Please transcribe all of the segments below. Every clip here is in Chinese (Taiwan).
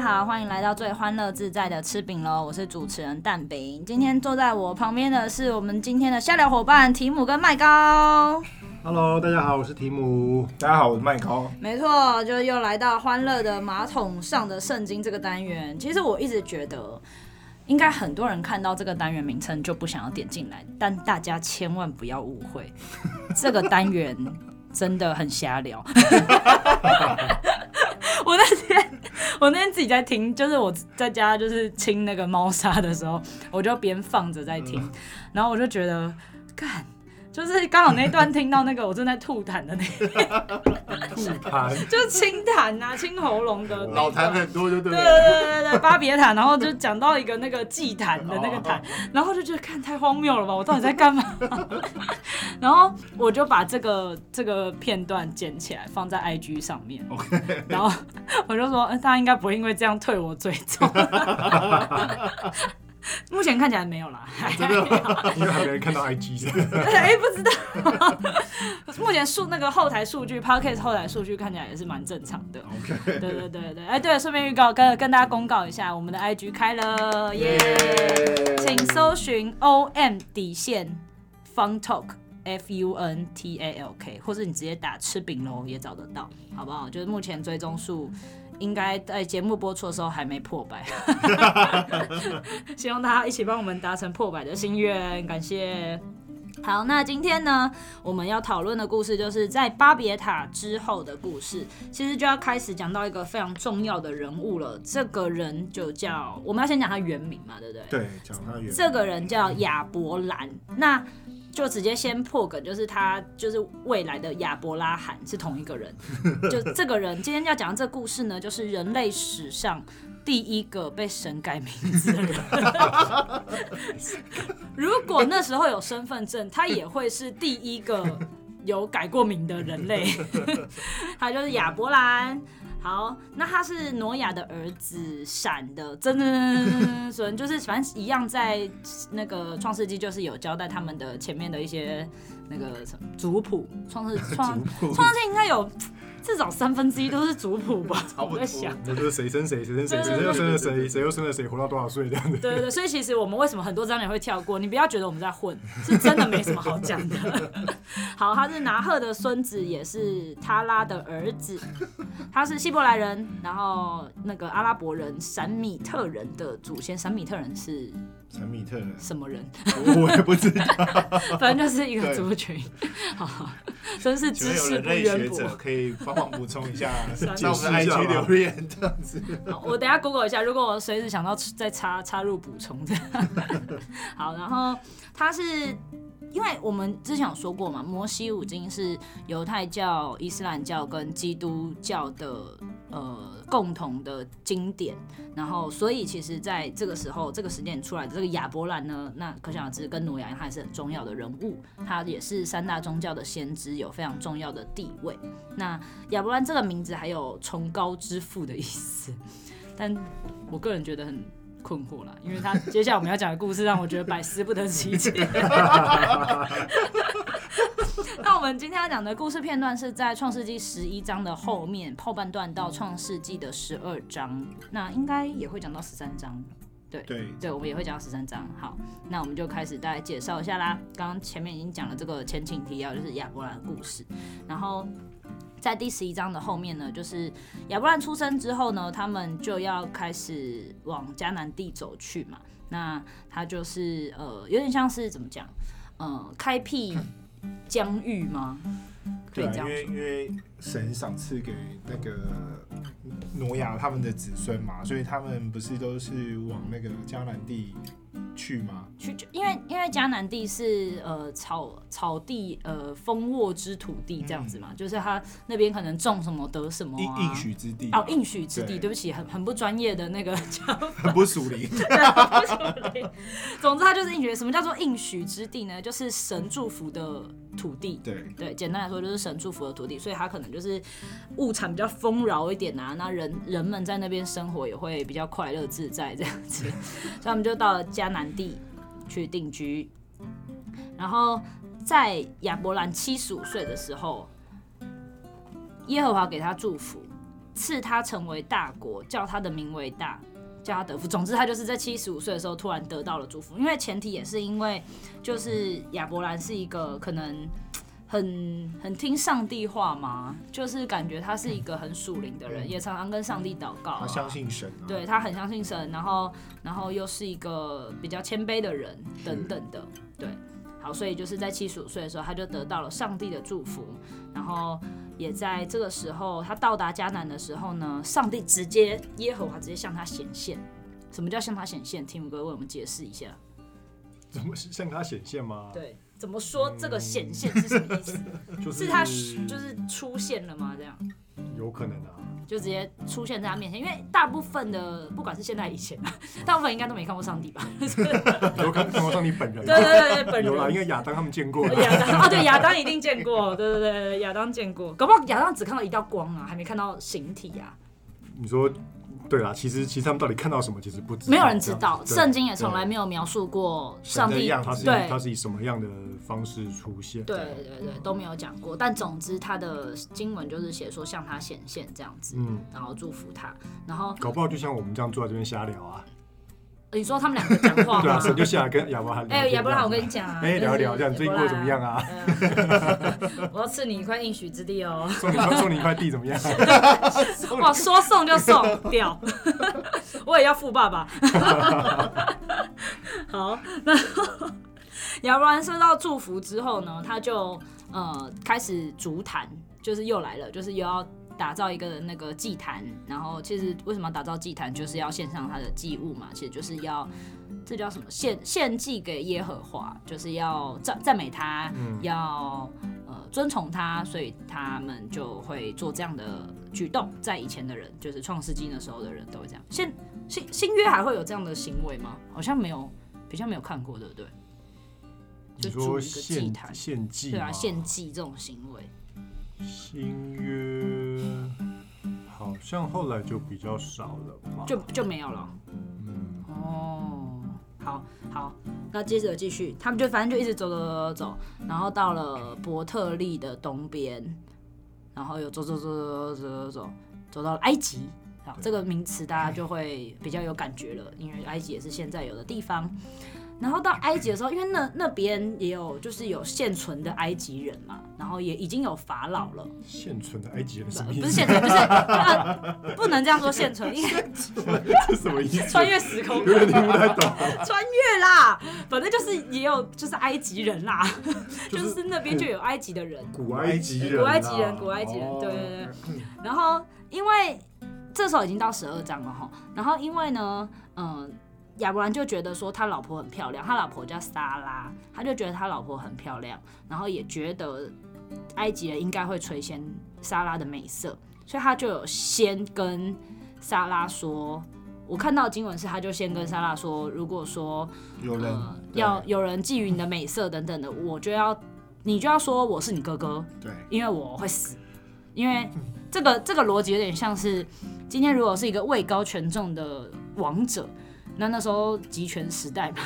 大家好，歡迎來到最歡樂自在的吃餅嘍！我是主持人蛋餅，今天坐在我旁邊的是我們今天的瞎聊夥伴提姆跟麥高。Hello，大家好，我是提姆。大家好，我是麥高。沒錯，就又來到歡樂的馬桶上的聖經這個單元。其實我一直覺得，應該很多人看到這個單元名稱就不想要點進來，但大家千萬不要誤會， 這個單元真的很瞎聊。 我的天！我那天自己在聽，就是我在家就是清那個貓砂的時候，我就邊放着在聽，然後我就覺得，幹。就是剛好那一段聽到那個我正在吐痰的那， 吐痰 彈， 就是清痰啊，清喉嚨的、那個，老痰很多，就對，對對，對對對對，巴別塔，然後就講到一個那個祭壇的那個壇， 然後就覺得看得太荒謬了吧，我到底在幹嘛？ 然後我就把這個這個片段剪起來放在 I G 上面，Okay. 然後我就說，呃、他應該不會因為這樣退我追蹤 目前看起來沒有啦，啊、真的還沒有，因為還沒人看到 IG 是不是。哎、 欸，不知道。 目前數那個後台數據 Podcast 後台數據看起來也是蠻正常的。OK，對對對對，哎，對，順便預告跟跟大家公告一下，我們的 IG 開了耶，Yeah. Yeah. 請搜尋 OM 底線 Fun Talk F U N T A L K，或是你直接打吃餅嘍也找得到，好不好？就是目前追蹤數。應該在節目播出的時候還沒破百， 希望大家一起幫我們達成破百的心願，感謝。好，那今天呢，我們要討論的故事就是在巴別塔之後的故事，其實就要開始講到一個非常重要的人物了。這個人就叫，我們要先講他原名嘛，對不對？對，講他原。這個人叫亞伯蘭。那就直接先破梗，就是他就是未來的亞伯拉罕是同一個人，就這個人今天要講的這個故事呢，就是人類史上第一個被神改名字的人。 如果那時候有身份證，他也會是第一個有改過名的人類，他就是亞伯蘭。好，那他是挪亞的兒子閃的，真的，所以就是反正一樣，在那個創世紀就是有交代他們的前面的一些那個什麼族譜，創世創創世紀應該有。至少三分之一都是族譜吧，我在想，差不多，就是誰生誰，誰生誰，誰又生了誰，誰又生了誰，活到多少歲這樣子。對對對，所以其實我們為什麼很多章節會跳過？你不要覺得我們在混，是真的沒什麼好講的。 好，他是拿赫的孫子，也是他拉的兒子。他是希伯來人，然後那個阿拉伯人、閃米特人的祖先。閃米特人是。閃米特什麼人？我，我也不知道， 反正就是一個族群對。 好，真是知識不淵博，類學者可以幫忙補充一下，一下，讓我們 I G 留言這樣子。我等下 Google 一下，如果我隨時想到再插插入補充這樣。 好，然後他是。因為我們之前有說過嘛，《摩西五經》是猶太教、伊斯蘭教跟基督教的呃共同的經典，然後所以其實在這個時候、這個時間出來的這個亞伯蘭呢，那可想而知，跟挪亞他也是很重要的人物，他也是三大宗教的先知，有非常重要的地位。那亞伯蘭這個名字還有“崇高之父”的意思，但我個人覺得很。困惑啦，因為他接下來我們要講的故事讓我覺得百思不得其解。 那我們今天要講的故事片段是在《創世紀》十一章的後面後、嗯、半段到《創世紀》的十二章，那應該也會講到十三章。對對，對我們也會講到十三章。好，那我們就開始大家介紹一下啦。剛剛前面已經講了這個前情提要，就是亞伯蘭的故事，然後。在第十一章的後面呢，就是亞伯蘭出生之後呢，他們就要開始往迦南地走去嘛。那他就是呃，有點像是怎麼講，嗯、呃，開闢疆域嗎？對、啊、因為因為神賞賜給那個挪亞他們的子孫嘛，所以他們不是都是往那個迦南地去嗎？去，因為因為迦南地是呃草草地呃豐沃之土地這樣子嘛，嗯、就是他那邊可能種什麼得什麼、啊。應許之地哦，應許之地，對，對不起，很很不專業的那個叫。很不屬靈。總之，他就是應許。什麼叫做應許之地呢？就是神祝福的。土地，對對，簡單來說就是神祝福的土地，所以他可能就是物產比較豐饒一點啊，那人人們在那邊生活也會比較快樂自在這樣子， 所以我們就到了迦南地去定居。然後在亞伯蘭七十五歲的時候，耶和華給他祝福，賜他成為大國，叫他的名為大。家德福，總之他就是在七十五歲的時候突然得到了祝福，因為前提也是因為，就是亞伯蘭是一個可能很很聽上帝話嘛，就是感覺他是一個很屬靈的人，嗯、也常常跟上帝禱告、啊。他相信神、啊，對，他很相信神，然後然後又是一個比較謙卑的人是等等的，對，好，所以就是在七十五歲的時候他就得到了上帝的祝福，然後。也在這個時候，他到達迦南的時候呢，上帝直接耶和華直接向他顯現。什麼叫向他顯現？聽五哥為我們解釋一下。怎麼是向他顯現嗎？對。怎麼說，這個顯現是什麼意思？ 就是、是他就是出現了嗎？這樣，有可能啊，就直接出現在他面前。因為大部分的，不管是現在以前， 大部分應該都沒看過上帝吧？都 看見過上帝本人。 對對對對， 本人有啦，因為亞當他們見過。亞 當哦，對，亞當一定見過。對對對，亞當見過。 搞不好亞當只看到一道光啊，還沒看到形體啊？你說。對啦，其實其實他們到底看到什麼，其實不知道。沒有人知道，聖經也從來沒有描述過上帝對，對他是以什麼樣的方式出現。對對對，對，對，都沒有講過。嗯，但總之，他的經文就是寫說向他顯現這樣子，嗯，然後祝福他，然後搞不好就像我們這樣坐在這邊瞎聊啊。你說他們兩個講話，對啊，就下來跟亞伯蘭。哎，亞伯蘭，我跟你講啊，哎、欸，聊聊一，這樣、欸、最近過得怎麼樣啊？欸、我要賜你一塊應許之地哦。送你一塊地怎麼樣、啊？麼樣啊、哇，說送就送， 屌 我也要富爸爸。 好，那亞伯蘭受到祝福之後呢，他就呃開始築壇，就是又來了，就是又要。打造一個那個祭壇，然後其實為什麼要打造祭壇，就是要獻上他的祭物嘛，其實就是要，這叫什麼？獻獻祭給耶和華，就是要讚讚美他，嗯、要呃尊崇他，所以他們就會做這樣的舉動。在以前的人，就是創世記的時候的人，都會這樣。獻新新約還會有這樣的行為嗎？好像沒有，比較沒有看過，對不對？你說就做一個祭壇獻祭，對啊，獻祭這種行為，新約。像後來就比較少了，就就沒有了、喔。哦、嗯，oh, 好，好，那接着繼續，他們就反正就一直走走走走，然後到了伯特利的東邊，然後又走走走走走走走，走到埃及。好，對這個名詞大家就會比較有感覺了，對因為埃及也是現在有的地方。然後到埃及的時候，因為那那邊也有，就是有現存的埃及人嘛，然後也已經有法老了。現存的埃及人是什麼？ 不是現存，就是不，不能這樣說。現存，因為這什麼意思？ 穿越時空？穿越了。能能打打 穿越啦，反正就是也有，就是埃及人啦，就是， 就是那邊就有埃及的人。古埃，古埃及人，古埃及人，古埃及人，對對對。然後因為這時候已經到十二章了哈，然後因為呢，嗯、呃。亞伯蘭就覺得說他老婆很漂亮，他老婆叫撒拉，他就覺得他老婆很漂亮，然後也覺得埃及人應該會垂涎撒拉的美色，所以他就有先跟撒拉說：“我看到的經文是，他就先跟撒拉說，如果說有人、呃、對要有人覬覦你的美色等等的，我就要你就要說我是你哥哥，對，因為我會死，因為這個這個邏輯有點像是今天如果是一個位高權重的王者。”那那時候集權時代吧，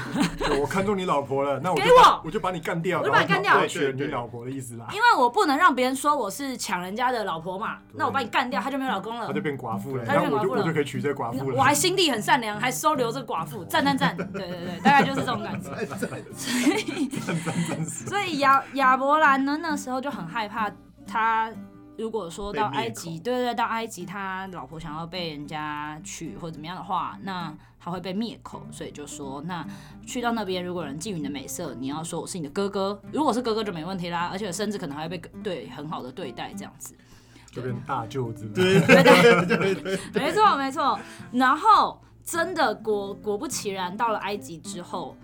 我看中你老婆了，那我給我，我就把你幹掉，我就把你幹掉，我娶你老婆的意思啦。因為我不能讓別人說我是搶人家的老婆嘛，那我把你幹掉，他就沒老公了，他就變寡婦了，他變寡婦，我就可以娶這寡婦了。我還心地很善良，還收留這寡婦，讚讚讚，對對對，大概就是這種感覺。所以，所以亞亞伯蘭呢那時候就很害怕，他如果說到埃及，對對，到埃及他老婆想要被人家娶或怎麼樣的話，那。他會被滅口，所以就說那去到那邊，如果有人覬覦你的美色，你要說我是你的哥哥，如果是哥哥就沒問題啦，而且我身子可能還會被對很好的對待，這樣子就變大舅子，對對對，對，對，對 沒錯，沒錯沒錯。然後真的果果不其然，到了埃及之後。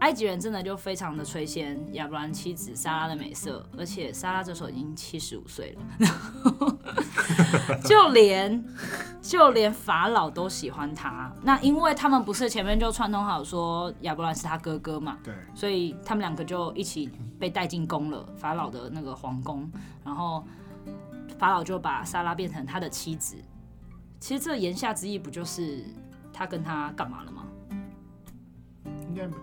埃及人真的就非常的垂涎亞伯蘭妻子莎拉的美色，而且莎拉這時候已經七十五歲了， 就連就連法老都喜歡她。那因為他們不是前面就串通好說亞伯蘭是他哥哥嘛？對。所以他們兩個就一起被帶進宮了，法老的那個皇宮。然後法老就把莎拉變成他的妻子。其實這言下之意不就是他跟他幹嘛了嗎？應該不。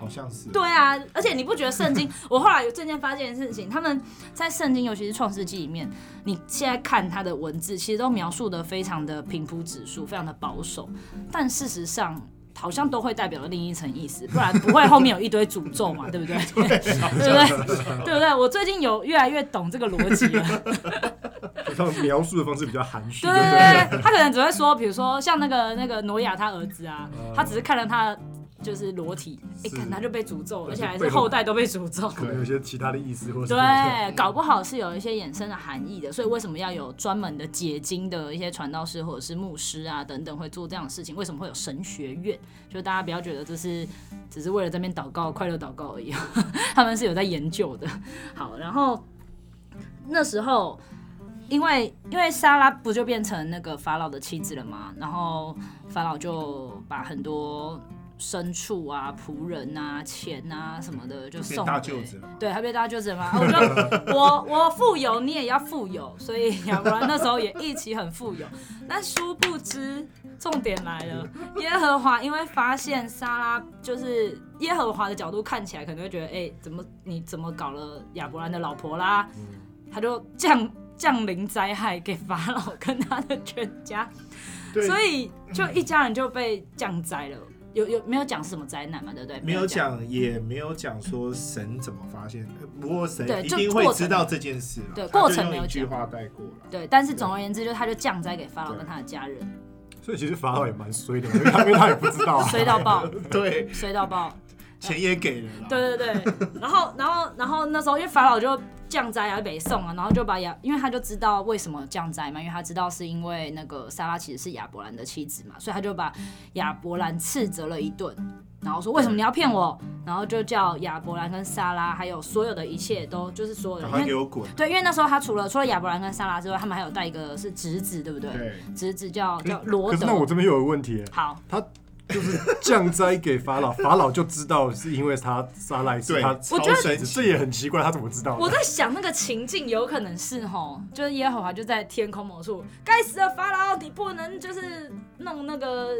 好像是對啊，而且你不覺得聖經？ 我後來有漸漸發現的事情，他們在聖經，尤其是創世紀裡面，你現在看他的文字，其實都描述得非常的平鋪直敘，非常的保守。但事實上，好像都會代表另一層意思，不然不會後面有一堆詛咒嘛， 對不對？對不對？對不對？我最近有越來越懂這個邏輯了。他們描述的方式比較含蓄，對對對，他可能只會說，比如說像那個那個挪亞他兒子啊，他只是看了他。就是裸體，一、欸、是看他就被詛咒了，而且還是後代都被詛咒，對對可能有些其他的意思或者對，搞不好是有一些衍生的含義的。所以為什麼要有專門的解經的一些傳道士或者是牧師啊等等會做這樣的事情？為什麼會有神學院？就大家不要覺得這是只是為了在那邊禱告對快樂禱告而已，他們是有在研究的。好，然後那時候因為因為撒拉不就變成那個法老的妻子了嘛，然後法老就把很多。牲畜啊，僕人啊，錢啊，什麼的就送。大舅子對，還被大舅子嘛？ 我說我我富有，你也要富有，所以亞伯蘭那時候也一起很富有。 但殊不知，重點來了， 耶和華因為發現撒拉，就是耶和華的角度看起來可能會覺得，哎、欸，怎麼你怎麼搞了亞伯蘭的老婆啦？嗯、他就降降臨災害給法老跟他的全家，對所以就一家人就被降災了。有有沒有講什麼災難嘛？對不對？沒有講，也沒有講說神怎麼發現的。不過神一定會知道這件事對。對，過程沒有一句話帶過對，對，但是總而言之，就他就降災給法老跟他的家人。所以其實法老也蠻衰的， 因為他也不知道，啊，衰到爆， 對，衰到爆。錢也給了，對對對，然後然後然後那時候因為法老就降災啊，北宋啊，然後就把亞，因為他就知道為什麼降災嘛，因為他知道是因為那個莎拉其實是亞伯蘭的妻子嘛，所以他就把亞伯蘭斥、斥責了一頓，然後說為什麼你要騙我，然後就叫亞伯蘭跟莎拉還有所有的一切都就是所有的。因為給我滾，對，因為那時候他除了除了亞伯蘭跟莎拉之外，他們還有帶一個是侄子，對不對？對，侄子叫叫羅德，可是那我這邊又有個問題，好，他。就是降災給法老，法老就知道是因為他殺賴斯，他超神奇，這也很奇怪，他怎麼知道？我在想那個情境，有可能是齁，就是耶和華就在天空某處。該死的法老，你不能就是弄那個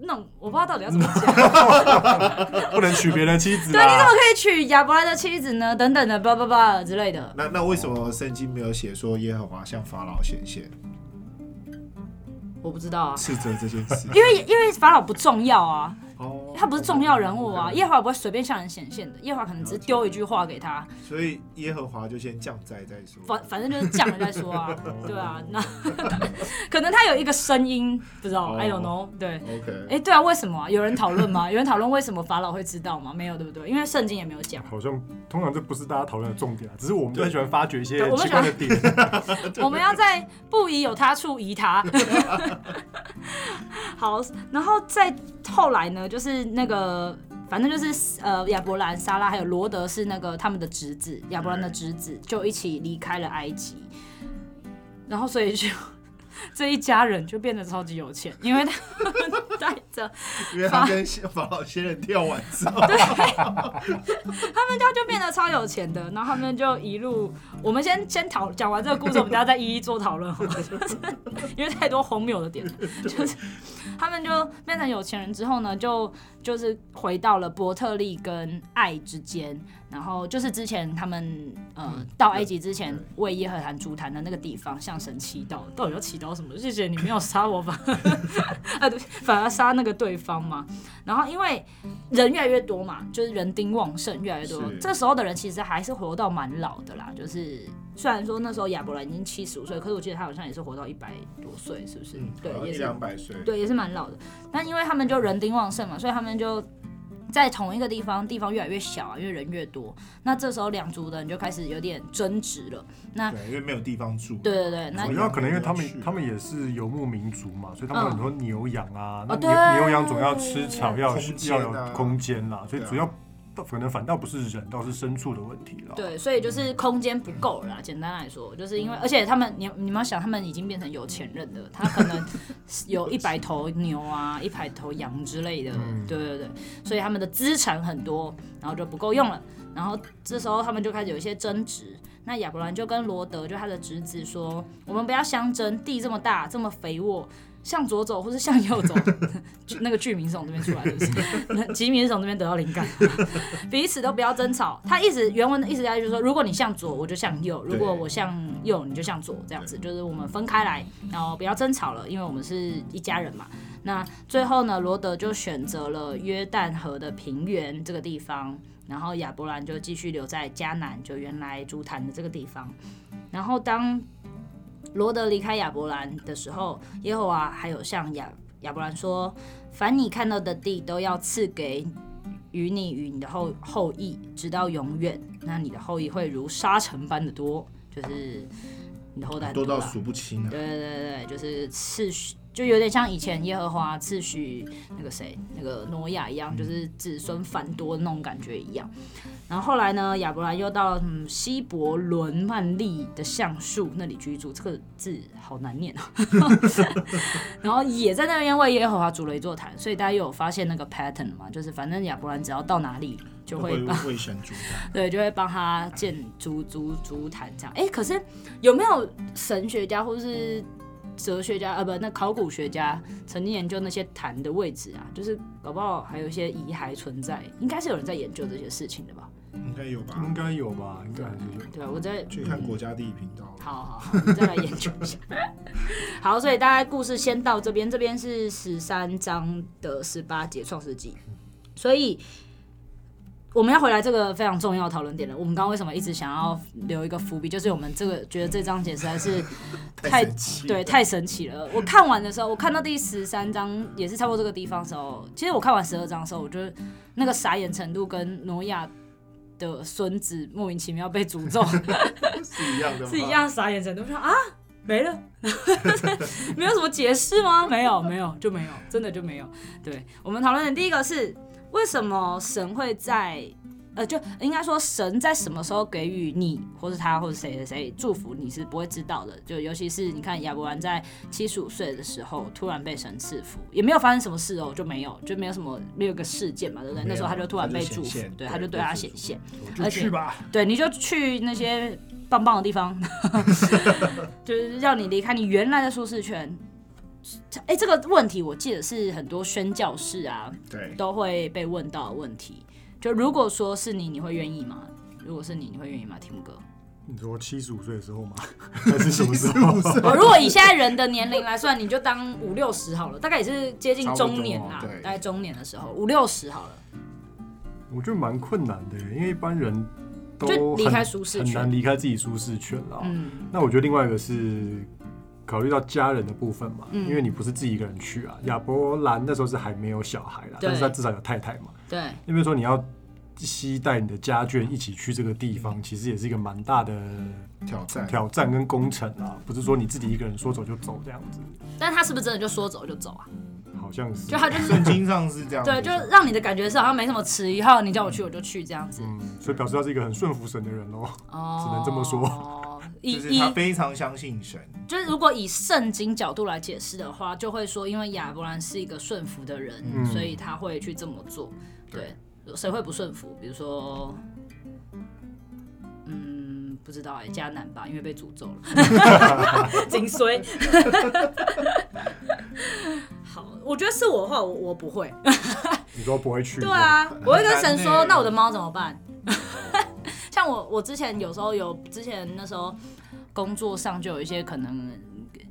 弄、那個，我不知道到底要怎麼講， 不能娶別人妻子。對，你怎麼可以娶亞伯蘭的妻子呢？等等的，巴巴巴之類的。那那為什麼聖經沒有寫說耶和華向法老顯現？我不知道啊，是的，這件事， 因為因為法老不重要啊。他不是重要人物啊，耶和華不會隨便向人顯現的，耶和華可能只丟一句話給他，嗯、所以耶和華就先降災再說，啊，反反正就是降了再說啊， 對啊，那 可能他有一個聲音，不知道，oh, i d o no，t k n w 對，哎 okay.、欸、對啊，為什麼啊？有人討論嗎？有人討論為什麼法老會知道嗎？沒有對不對？因為聖經也沒有講，好像通常這不是大家討論的重點，啊，只是我們就很喜歡發掘一些的點，我們， 我們要在不疑有他處疑他， 好，然後再後來呢，就是。那個，反正就是呃，亞伯蘭、撒拉還有羅德是那個他們的侄子，亞、mm hmm. 伯蘭的侄子就一起離開了埃及，然後所以就。這一家人就變得超級有錢，因為他們帶着，因為他跟法老仙人跳完之後，對，他們家就變得超有錢的。然後他們就一路，我們先先討講完這個故事，我們等一下再一一做討論。因為太多荒謬的點，就是他們就變成有錢人之後呢，就就是回到了伯特利跟愛之間。然後就是之前他們呃到埃及之前為耶和華築壇的那個地方向神祈禱，到底要祈禱什麼？謝謝你，你沒有殺我吧？ 反而殺那個對方嘛。然後因為人越來越多嘛，就是人丁旺盛越來越多。是這時候的人其實還是活到蠻老的啦，就是雖然說那時候亞伯蘭已經七十五歲，可是我記得他好像也是活到一百多歲，是不是？嗯、對，兩百歲。對，也是蠻老的。但因為他們就人丁旺盛嘛，所以他們就。在同一個地方，地方越來越小啊，因為人越多，那這時候兩族的人就開始有點爭執了。那對因為沒有地方住，對對對，那主要可能因為他們、啊、他們也是游牧民族嘛，所以他們很多牛羊啊，哦、那牛對牛羊總要吃草，要、啊、要有空間啦，所以主要、啊。可能反倒不是人，倒是牲畜的問題了。對，所以就是空間不夠了啦。嗯、簡單來說，就是因為，而且他們，你你們想，他們已經變成有錢人的，他可能有一百頭牛啊， 一百頭羊之類的，嗯、對對對，所以他們的資產很多，然後就不夠用了。然後這時候他們就開始有一些爭執。那亞伯蘭就跟羅德，就他的侄子說：“我們不要相爭，地這麼大，這麼肥沃。”向左走，或是向右走， 那個劇名是從這邊出來的， 吉米是從這邊得到靈感。 彼此都不要爭吵。 他意思原文的意思大概就是說，如果你向左，我就向右；如果我向右，你就向左，這樣子對就是我們分開來，然後不要爭吵了，因為我們是一家人嘛。那最後呢，羅德就選擇了約旦河的平原這個地方，然後亞伯蘭就繼續留在迦南，就原來築壇的這個地方。然後當羅德離開亞伯蘭的時候，耶和華還有向亞亞伯蘭說：“凡你看到的地都要賜給與你與你的後後裔，直到永遠。那你的後裔會如沙塵般的多，就是你的後代多,多到數不清，啊。”對對對對，就是次序。就有點像以前耶和華次序，那個誰，那個挪亞一樣，就是子孫繁多的那種感覺一樣。嗯、然後後來呢，亞伯蘭又到了什麼希伯倫曼利的橡樹那裡居住，這個字好難念啊、哦。 然後也在那邊為耶和華築了一座壇，所以大家有發現那個 pattern 了嘛？就是反正亞伯蘭只要到哪裡，就會為神築，對，就會幫他建足足足壇這樣。哎、欸，可是有沒有神學家或是、嗯？哲學家啊不，那考古學家曾經研究那些壇的位置啊，就是搞不好還有一些遺骸存在，應該是有人在研究這些事情的吧？應該有吧？應該有吧？應該對，對，我再去看國家地理頻道、嗯。好好好，我們再來研究一下。 好，所以大概故事先到這邊，這邊是十三章的十八節創世紀，所以。我們要回來這個非常重要的討論點了。我們剛剛為什麼一直想要留一個伏筆？就是我們這個覺得這張解釋實在是太對太神奇了。奇了 我看完的時候，我看到第十三章也是差不多這個地方的時候，其實我看完十二章的時候，我覺得那個傻眼程度跟挪亞的孫子莫名其妙被詛咒 是一樣的嗎，是一樣的傻眼程度。我說啊，沒了， 沒有什麼解釋嗎？沒有，沒有，就沒有，真的就沒有。對，我們討論的第一個是。為什麼神會在，呃，就應該說神在什麼時候給予你，或是他，或是誰誰祝福你是不會知道的。就尤其是你看亞伯蘭在七十五歲的時候突然被神賜福，也沒有發生什麼事哦、喔，就沒有，就沒有什麼另一個事件嘛，對不對？有那時候他就突然被祝福，他對他就對他顯現，而對去吧，且對你就去那些棒棒的地方， 就是讓你離開你原來的舒適圈。哎、欸，這個問題我記得是很多宣教士啊，對，都會被問到的問題。就如果說是你，你會願意嗎？如果是你，你會願意嗎？聽歌，Tim、哥，你說七十五歲的時候嗎？還 是什麼時候？ 還如果以現在人的年齡來算， 你就當五六十好了，大概也是接近中年啦、啊，大概中年的時候五六十好了。我覺得蠻困難的，因為一般人都離開舒適圈，很難離開自己舒適圈了。嗯，那我覺得另外一個是，考慮到家人的部分嘛，嗯、因為你不是自己一個人去啊。亞伯蘭那時候是還沒有小孩啦，對但是他至少有太太嘛。對，那邊說你要攜帶你的家眷一起去這個地方，對其實也是一個蠻大的挑戰，挑戰跟工程啊。不是說你自己一個人說走就走這樣子。但他是不是真的就說走就走啊？嗯、好像是，就他就是聖經上是這樣。 對，就讓你的感覺是好像沒什麼遲疑，哈，你叫我去我就去這樣子。嗯、所以表示他是一個很順服神的人咯哦，只能這麼說。哦就是他非常相信神，就是如果以聖經角度來解釋的話，就會說，因為亞伯蘭是一個順服的人，嗯、所以他會去這麼做。對，誰會不順服？比如說，嗯，不知道哎、欸，迦南吧，因為被詛咒了，頸椎。好，我覺得是我的話，我我不會。 你說不會去？對啊，我會跟神說，那我的貓怎麼辦？ 像我，我之前有時候有，之前那時候工作上就有一些可能，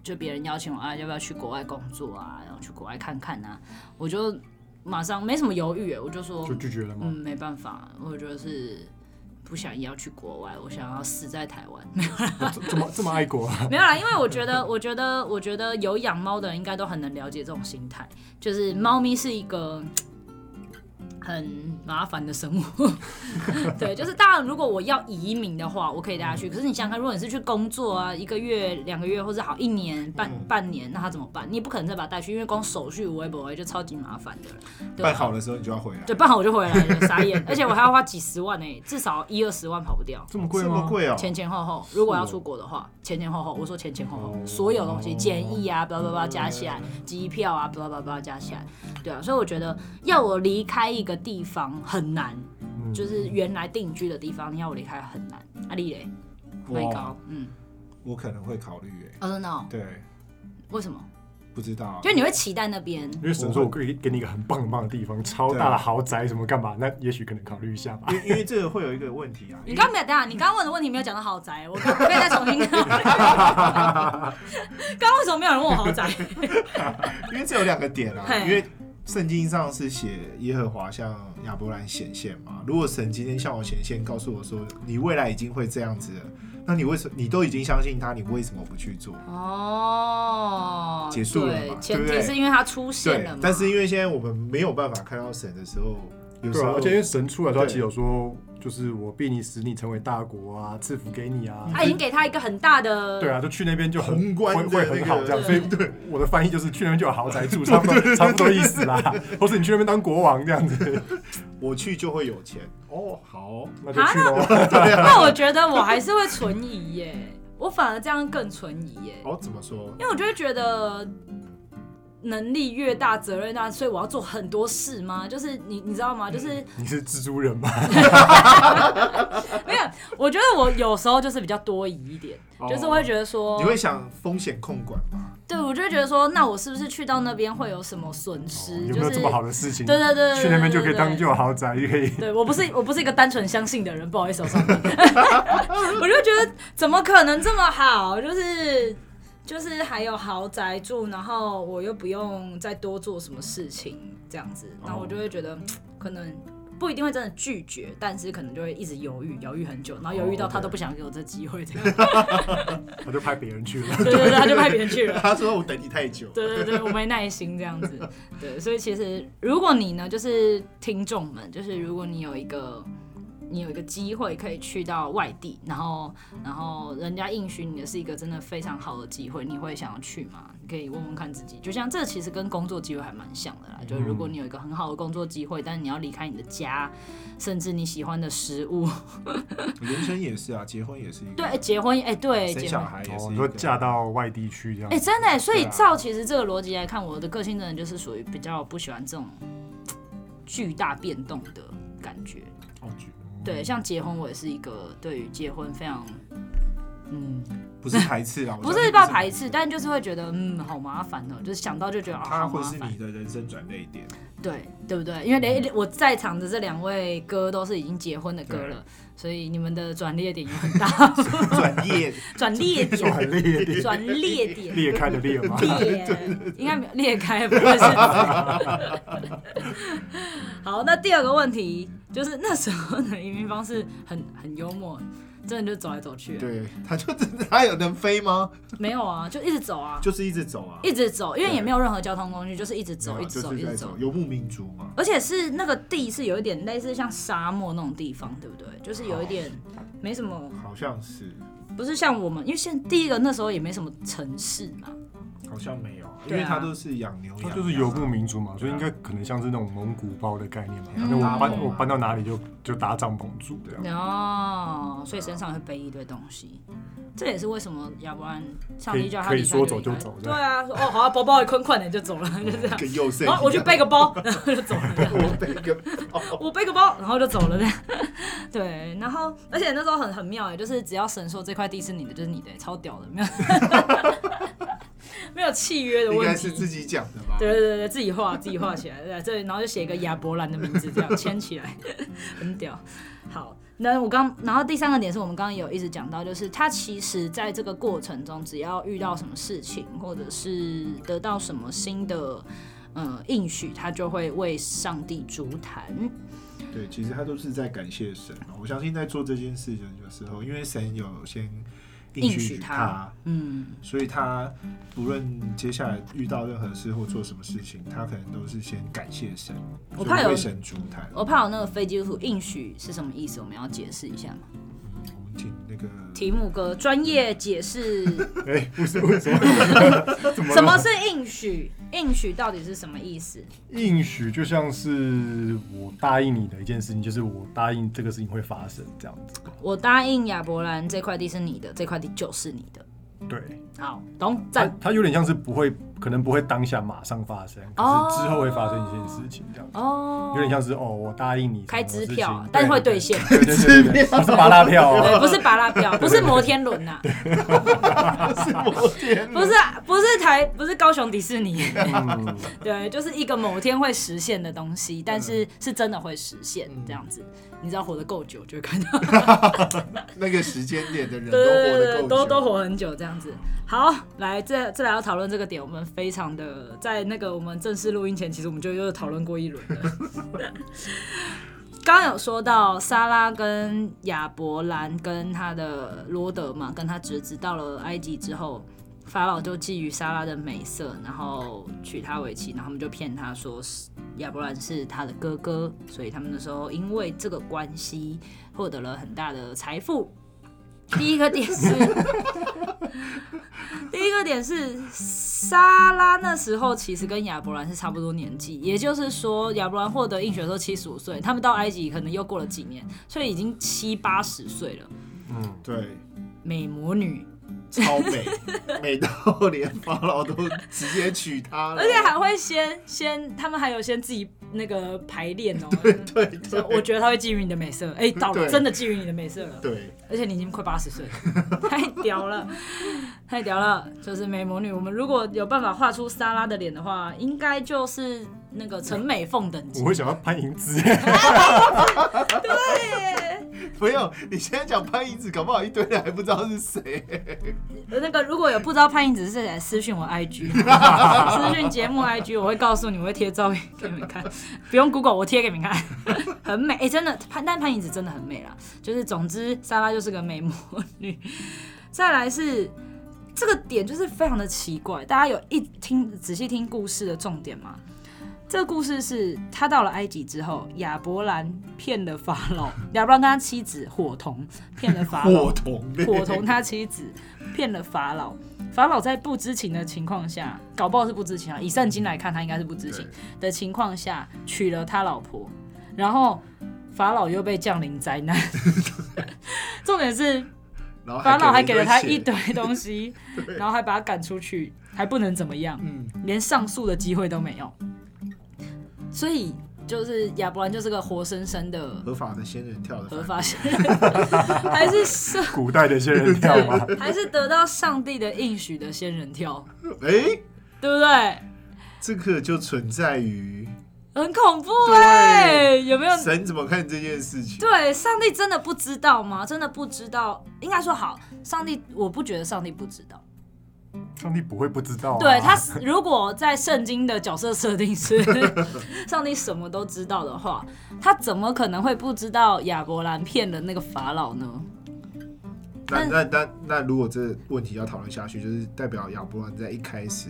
就別人邀請我啊，要不要去國外工作啊，然後去國外看看啊。我就馬上沒什麼猶豫、欸，我就說就拒絕了嗎？嗯，沒辦法，我就是不想要去國外，我想要死在台灣。怎麼這麼愛國啊？沒有啦，因為我覺得，我覺得，我覺得有養貓的人應該都很能了解這種心態，就是貓咪是一個。很麻煩的生活， 對，就是當然，如果我要移民的話，我可以帶他去。嗯、可是你想想看，如果你是去工作啊，一個月、兩個月，或者好一年半、嗯、半年，那他怎麼辦？你也不可能再把他帶去，因為光手續我也不會，就超級麻煩的了。辦好的時候你就要回來。對，辦好我就回來了，傻眼。 而且我還要花幾十萬呢、欸，至少一二十萬跑不掉。這麼貴、啊，這麼貴啊！前前後後，如果要出國的話，前前後後，我說前前後後，哦、所有東西建議啊，blah blah blah 加起來，機、哦、票啊，blah blah blah 加起來，嗯、對啊。所以我覺得，要我離開一個。的地方很難，就是原來定居的地方，你要我離開很難。阿麗嘞，會高，嗯，我可能會考慮耶。no，對，為什麼？不知道，因為你會期待那邊。因為神說我可以給你一個很棒很棒的地方，超大的豪宅，什麼幹嘛？那也許可能考慮一下吧。因因為這個會有一個問題啊。你剛沒有講，你剛剛問的問題沒有講到豪宅，我可以再重新講。剛剛為什麼沒有人問我豪宅？因為這有兩個點啊，因為。聖經上是寫耶和華向亞伯蘭顯現嘛。如果神今天向我顯現，告訴我說你未來已經會這樣子了，那你為什你都已經相信他，你為什麼不去做？哦，結束了嘛？對不對？前提是因為他出現了嘛。對，但是因為現在我們沒有辦法看到神的時候。對，而且因為神出來的時候，其實有說，就是我必你使你成為大國啊，賜福給你啊。他已經給他一個很大的。對啊，就去那邊就宏觀會很好這樣，所以我的翻譯就是去那邊就有豪宅住，差不多差不多意思啦。或是你去那邊當國王這樣子，我去就會有錢哦。好，好，那那我覺得我還是會存疑耶。我反而這樣更存疑耶。哦，怎麼說？因為我就覺得。能力越大，責任大，所以我要做很多事嗎？就是你，你知道嗎？就是你是蜘蛛人嗎？沒有，我覺得我有時候就是比較多疑一點，就是我會覺得說，你會想風險控管嗎？對，我就會覺得說，那我是不是去到那邊會有什麼損失？有沒有這麼好的事情？對對對，去那邊就可以當舊豪宅，可以？對我不是，我不是一個單純相信的人，不好意思，我就覺得怎麼可能這麼好？就是。就是還有豪宅住，然後我又不用再多做什麼事情，這樣子，oh. 那我就會覺得可能不一定會真的拒絕，但是可能就會一直猶豫，猶豫很久，然後猶豫到他都不想給我這機會，這樣，oh, okay. 我就派別人去了。 對對對，他就派別人去了。 他說我等你太久。 對對對，我沒耐心這樣子。對，所以其實如果你呢，就是聽眾們，就是如果你有一個。你有一個機會可以去到外地，然後然後人家應許你的是一個真的非常好的機會，你會想要去嗎？你可以問問看自己。就像這其實跟工作機會還蠻像的啦，嗯、就如果你有一個很好的工作機會，但是你要離開你的家，甚至你喜歡的食物，人生也是啊， 結婚也是一個對，結婚哎、欸、對，生小孩也是，會、哦、嫁到外地去這樣哎、欸、真的，所以照其實這個邏輯來看，我的個性真的就是屬於比較不喜歡這種巨大變動的感覺哦。對，像結婚，我也是一個對於結婚非常，嗯。不是排斥啊，不是怕排斥，但就是會覺得嗯，好麻煩哦，就是想到就覺得啊，它會是你的人生轉捩點，對，對不對？因為連我在場的這兩位哥都是已經結婚的哥了，對所以你們的轉捩點也很大。轉捩 列，轉捩，轉捩 列，轉捩點，裂 開的裂嗎？ 應該沒有裂開吧？是這個、 好，那第二個問題就是那時候的移民方式很很幽默。真的就走來走去，對，他就真的，他有能飛嗎？沒有啊，就一直走啊，就是一直走啊，一直走，因為也沒有任何交通工具，就是一直走，一直走，一直走，游牧民族，嘛，對而且是那個地是有一點類似像沙漠那種地方，對不對？好就是有一點沒什麼，好像是，不是像我們，因為現第一個那時候也沒什麼城市嘛。好像沒有，因為他都是養牛，他就是游牧民族嘛，所以應該可能像是那種蒙古包的概念嘛。然後我搬我搬到哪裡就就搭帳篷住的呀。哦，所以身上會背一堆東西，這也是為什麼亞伯蘭上帝叫他說走就走。對啊，哦，好，包包一捆捆的就走了，就這樣。我去背個包，然後就走了。我背個，我背個包，然後就走了這樣。對，然後而且那時候很很妙哎，就是只要神說這塊地是你的，就是你的，超屌的，沒有。契約的問題應該是自己講的嗎？對對對自己畫，自己畫起來，在這，然後就寫一個亞伯蘭的名字，這樣簽起來，很屌。好，那我剛然後第三個點是我們剛剛有一直講到，就是他其實在這個過程中，只要遇到什麼事情或者是得到什麼新的嗯、呃、應許，他就會為上帝築壇。對，其實他都是在感謝神。我相信在做這件事情的時候，因為神有我先應許他，應許他嗯，所以他不論接下來遇到任何事或做什麼事情，他可能都是先感謝神，神我怕，有我怕有那個非基督徒應許是什麼意思？我們要解釋一下嗎？請那個題目哥專業解釋。哎、 欸，不是為什麼？ 什麼是應許？應許到底是什麼意思？應許就像是我答應你的一件事情，就是我答應這個事情會發生這樣子。我答應亞伯蘭這塊地是你的，這塊地就是你的。對，好，懂，在。它有點像是不會。可能不會當下馬上發生，是之後會發生一件事情這樣子，有點像是哦，我答應你開支票，但是會兌現，支票不是巴拉票，不是巴拉票，不是摩天輪吶，不是不是台，不是高雄迪士尼，對，就是一個某天會實現的東西，但是是真的會實現這樣子，你只要活得夠久就會看到，那個時間點的人都活得夠久，都都活很久這樣子，好，來這這來要討論這個點，我們。非常的，在那個我們正式錄音前，其實我們就又討論過一輪了。剛有說到，撒拉跟亞伯蘭跟他的羅德嘛，跟他侄子到了埃及之後，法老就覬覦撒拉的美色，然後娶她為妻，然後他們就騙他說是亞伯蘭是他的哥哥，所以他們那時候因為這個關係獲得了很大的財富。第一個點是， 第一個點是，撒拉那時候其實跟亞伯蘭是差不多年紀，也就是說，亞伯蘭獲得應許的時候七十五歲，他們到埃及可能又過了幾年，所以已經七八十歲了。嗯，對，美魔女。超美，美到連法老都直接娶她了。 而且還會先先，他們還有先自己那個排練哦。 對對，對，對，我覺得他會覬覦你的美色，哎、欸，倒對真的覬覦你的美色了。對，而且你已經快八十歲，太屌，了 太屌了，太屌了，就是美魔女。我們如果有辦法畫出撒拉的臉的話，應該就是那個陳美鳳等級。我會想要潘迎紫。 對。不用，你現在講潘迎紫，搞不好一堆人還不知道是誰、欸。那個如果有不知道潘迎紫是誰來私訊我 IG， 私訊節目 IG，我會告訴你，我會貼照片給你們看， 不用 Google，我貼給你們看， 很美，哎、欸，真的潘，但潘迎紫真的很美啦，就是總之撒拉就是個美魔女。再來是這個點就是非常的奇怪，大家有一聽仔細聽故事的重點嗎？這個故事是他到了埃及之後，亞伯蘭騙了法老，亞伯蘭跟他妻子夥同騙了法老，夥同他妻子騙了法老，法老在不知情的情況下，搞不好是不知情啊。以聖經來看，他應該是不知情的情況下娶了他老婆，然後法老又被降臨災難， 重點是法老還給了他一堆東西，然後還把他趕出去，還不能怎麼樣，嗯、連上訴的機會都沒有。所以就是亞伯蘭就是個活生生的合法的仙人跳的合法仙人跳， 還是上古代的仙人跳嗎？還是得到上帝的應許的仙人跳？哎、欸，對不對？這個就存在於很恐怖哎、欸，對有沒有？神怎麼看這件事情？對，上帝真的不知道嗎？真的不知道？應該說好，上帝我不覺得上帝不知道。上帝不會不知道、啊，對。對他，如果在聖經的角色設定是 上帝什麼都知道的話，他怎麼可能會不知道亞伯蘭騙了那個法老呢？那那那那，那那如果這問題要討論下去，就是代表亞伯蘭在一開始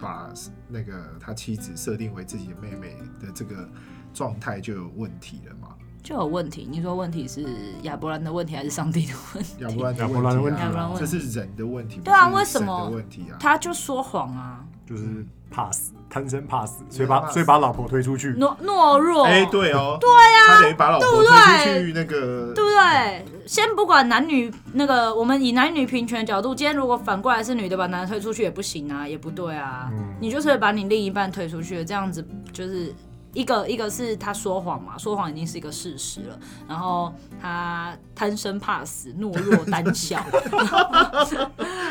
把那個他妻子設定為自己的妹妹的這個狀態就有問題了嘛？就有問題，你說問題是亞伯蘭的問題還是上帝的問題？亞伯蘭，亞伯蘭的問題、啊，亞伯蘭問題啊、這是人的問題。對啊，為什麼他就說謊啊，就是怕死，貪生怕死，所以把所以把老婆推出去，懦懦弱。哎、欸，對哦，對呀、啊，他等於把老婆推出去那個，對不對，對、嗯、對？先不管男女，那個我們以男女平權的角度，今天如果反過來是女的把男的推出去也不行啊，也不對啊。嗯、你就是把你另一半推出去，這樣子就是。一個一個是他說謊嘛，說謊已經是一個事實了。然後他貪生怕死、懦弱膽小，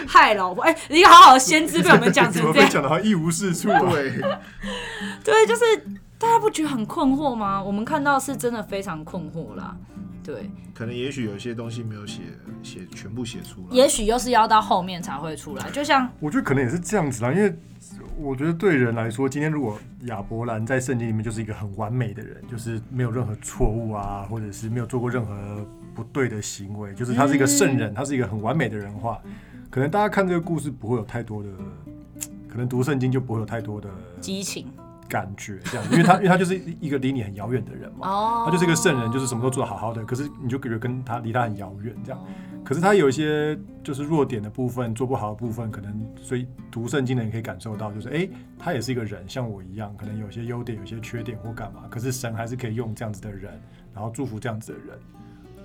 害老婆。哎、欸，一個好好先知被我們講成這樣，講的好像 一無是處。對， 對，就是大家不覺得很困惑嗎？我們看到是真的非常困惑啦。對，可能也許有些東西沒有寫寫全部寫出來，也許又是要到後面才會出來。就像我覺得可能也是這樣子啦，因為。我覺得對人來說，今天如果亞伯蘭在聖經裡面就是一個很完美的人，就是沒有任何錯誤啊，或者是沒有做過任何不對的行為，就是他是一個聖人，嗯、他是一個很完美的人的話，可能大家看這個故事不會有太多的，可能讀聖經就不會有太多的激情感覺這樣，因為他因為他就是一個離你很遙遠的人嘛， 哦、他就是一個聖人，就是什麼都做得好好的，可是你就感覺跟他離他很遙遠這樣。可是他有一些就是弱點的部分，做不好的部分，可能所以讀聖經的人可以感受到，就是哎、欸，他也是一個人，像我一樣，可能有些優點，有些缺點或幹嘛。可是神還是可以用這樣子的人，然後祝福這樣子的人。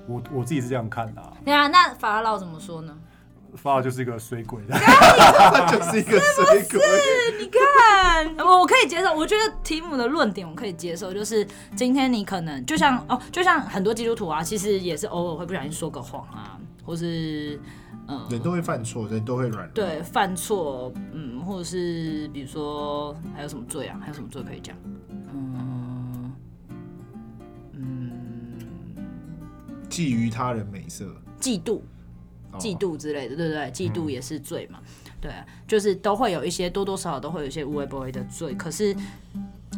我我自己是這樣看的啊。對啊，那法老怎麼說呢？發的就是一個水鬼的，的 就是一個水鬼 是是。你看， 我可以接受。我覺得 Tim 的論點我可以接受，就是今天你可能就像哦，就像很多基督徒啊，其實也是偶爾會不小心說個謊啊，或是嗯、呃，人都會犯錯，人都會軟。對，犯錯，嗯，或者是比如說還有什麼罪啊？還有什麼罪可以講？嗯嗯，覬覦他人美色，嫉妒。嫉妒之類的，對不對，對？嫉妒也是罪嘛，嗯、對啊，就是都會有一些多多少少都會有一些無謂不為的罪。可是，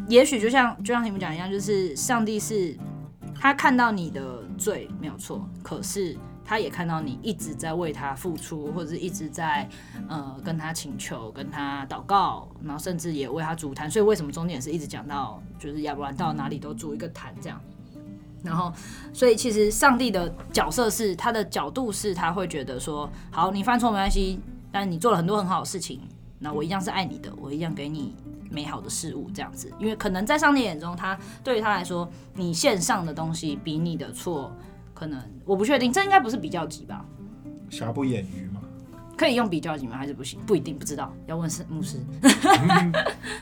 也許就像就像你們講一樣，就是上帝是他看到你的罪沒有錯，可是他也看到你一直在為他付出，或者是一直在呃跟他請求、跟他禱告，然後甚至也為他築壇。所以為什麼中間也是一直講到就是亞伯蘭到哪裡都築一個壇這樣？然後，所以其實上帝的角色是他的角度是他會覺得說，好，你犯錯沒關係，但你做了很多很好的事情，那我一樣是愛你的，我一樣給你美好的事物這樣子。因為可能在上帝眼中，他對於他來說，你線上的東西比你的錯，可能我不確定，這應該不是比較級吧？瑕不掩瑜。可以用比較級嗎？還是不行？不一定，不知道，要問是牧師。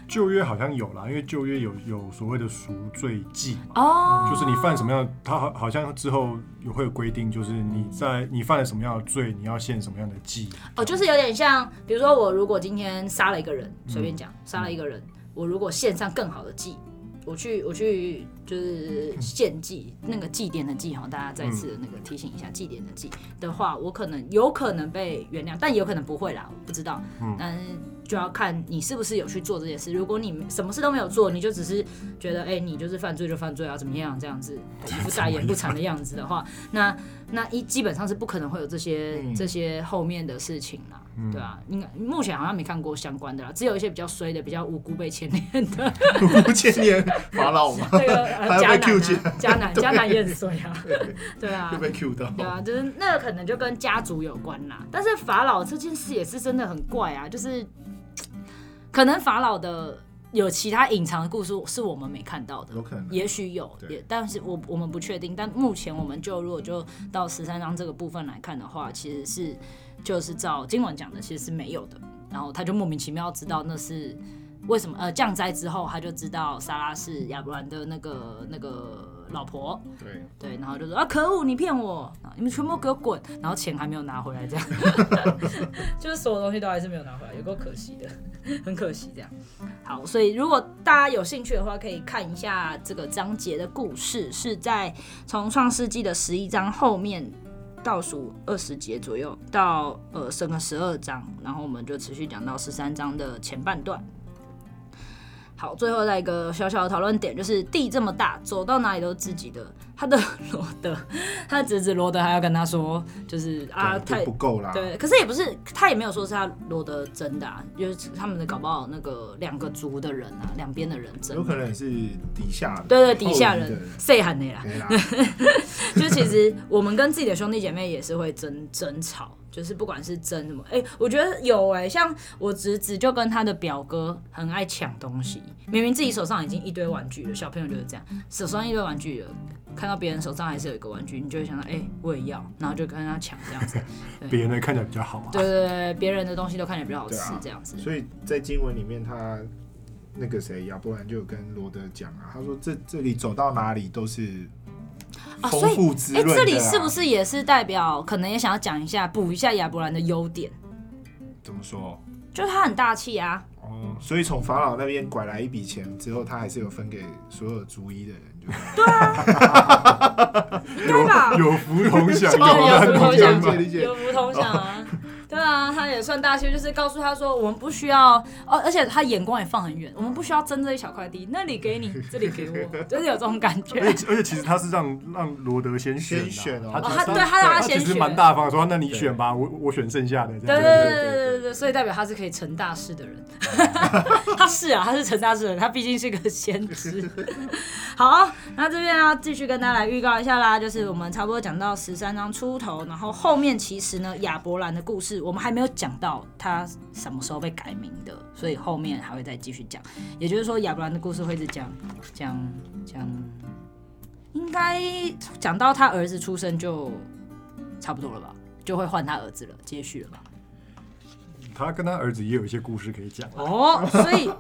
舊、 嗯、約好像有啦，因為舊約有有所謂的贖罪祭哦，就是你犯什麼樣的他好好像之後有會有規定，就是你在你犯了什麼樣的罪，你要獻什麼樣的祭。哦，就是有點像，比如說我如果今天殺了一個人，隨、嗯、便講殺了一個人，我如果獻上更好的祭。我去，我去，就是獻祭那個祭奠的祭哈，大家再次那個提醒一下，嗯、祭奠的祭的話，我可能有可能被原諒，但也有可能不會啦，我不知道，嗯。但就要看你是不是有去做這件事。如果你什麼事都沒有做，你就只是覺得，哎、欸，你就是犯罪就犯罪啊，怎麼樣這樣子，哎、不大言不慚的樣子的話，那那一基本上是不可能會有這些、嗯、這些後面的事情啦，嗯、對啊，應該目前好像沒看過相關的啦，只有一些比較衰的，比較無辜被牽連的，無辜牽連法老嗎？那、 這個迦南，迦南迦南也是衰啊，對對對啊，對啊，被 Q 到，對啊，就是那個可能就跟家族有關啦。但是法老這件事也是真的很怪啊，就是。可能法老的有其他隱藏的故事是我們沒看到的，也許有，也，但是我我們不確定。但目前我們就如果就到十三章這個部分來看的話，其實是就是照經文講的，其實是沒有的。然後他就莫名其妙知道那是為什麼？呃，降災之後他就知道撒拉是亞伯蘭的那個那個。老婆，對對，然後就說啊，可惡，你騙我，你們全部給我滾，然後錢還沒有拿回來，這樣， 就是所有東西都還是沒有拿回來，有夠可惜的，很可惜這樣。 好，所以如果大家有興趣的話，可以看一下這個章節的故事，是在從創世紀的十一章後面倒數二十節左右，到呃剩個十二章，然後我們就持續講到十三章的前半段。好，最後再一個小小的討論點，就是地這麼大，走到哪裡都是自己的。他的羅德，他的侄子羅德還要跟他說，就是對啊，太不夠啦。對，可是也不是，他也沒有說是他羅德真的啊，就是他們的搞不好那個兩個族的人啊，兩邊的人真的。有可能是底下，人對對，對底下人，歲很你啦。啦 就其實我們跟自己的兄弟姐妹也是會爭爭吵。就是不管是真什麼，哎、欸，我覺得有哎、欸，像我侄子就跟他的表哥很愛搶東西，明明自己手上已經一堆玩具了，小朋友就是這樣，手上一堆玩具了，看到別人手上還是有一個玩具，你就會想到，哎、欸，我也要，然後就跟他搶這樣子。別人的看起來比較好嘛、啊？對，對，對，別人的東西都看起來比較好吃這樣子。啊、所以在經文裡面他，他那個誰亞伯蘭就跟羅德講啊，他說，這這裡走到哪裡都是。啊，所以哎、欸，這裡是不是也是代表，可能也想要講一下，補一下亞伯蘭的優點？怎麼說？就是他很大氣啊。哦、嗯，所以從法老那邊拐來一筆錢之後，他還是有分給所有族裔的人，對啊，吧、啊？ 有福同享，有福同享嘛、啊，有福同享。啊，他也算大氣，就是告訴他說，我們不需要哦，而且他眼光也放很遠，嗯、我們不需要爭這一小塊地，那裡給你，這裡給我， 就是有這種感覺。而且而且，而且其實他是讓讓羅德先選，先選哦、啊。他他對，他讓他先選，其實蠻大方的，說那你選吧，對我我選剩下的。對，對對對。對對對對。所以代表他是可以成大事的人， 他是啊，他是成大事的人，他畢竟是個先知。 好，那這邊要繼續跟大家來預告一下啦，就是我們差不多講到十三章出頭，然後後面其實呢，亞伯蘭的故事我們還沒有講到他什麼時候被改名的，所以後面還會再繼續講。也就是說，亞伯蘭的故事會是講講講，應該講到他兒子出生就差不多了吧，就會換他兒子了，接續了吧。他跟他兒子也有一些故事可以講哦、oh,，所以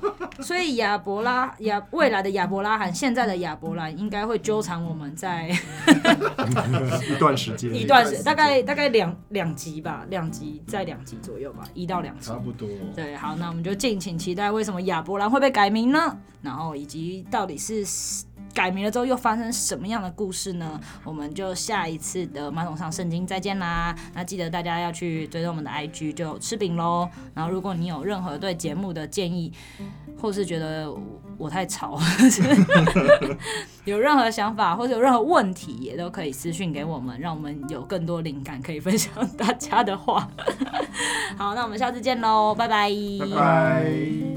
所以亞伯拉亞未來的亞伯拉罕，現在的亞伯蘭應該會糾纏我們在，在 一段時間，一段時大概大概兩兩集吧，兩集再兩、嗯、集左右吧，嗯、一到兩集差不多。對，好，那我們就敬請期待，為什麼亞伯蘭會被改名呢？然後以及到底是。改名了之後又發生什麼樣的故事呢？我們就下一次的馬桶上聖經再見啦！那記得大家要去追蹤我們的 IG 就吃餅嘍。然後如果你有任何對節目的建議，或是覺得我太吵，有任何想法或者有任何問題，也都可以私訊給我們，讓我們有更多靈感可以分享大家的話。 好，那我們下次見嘍，拜拜。Bye bye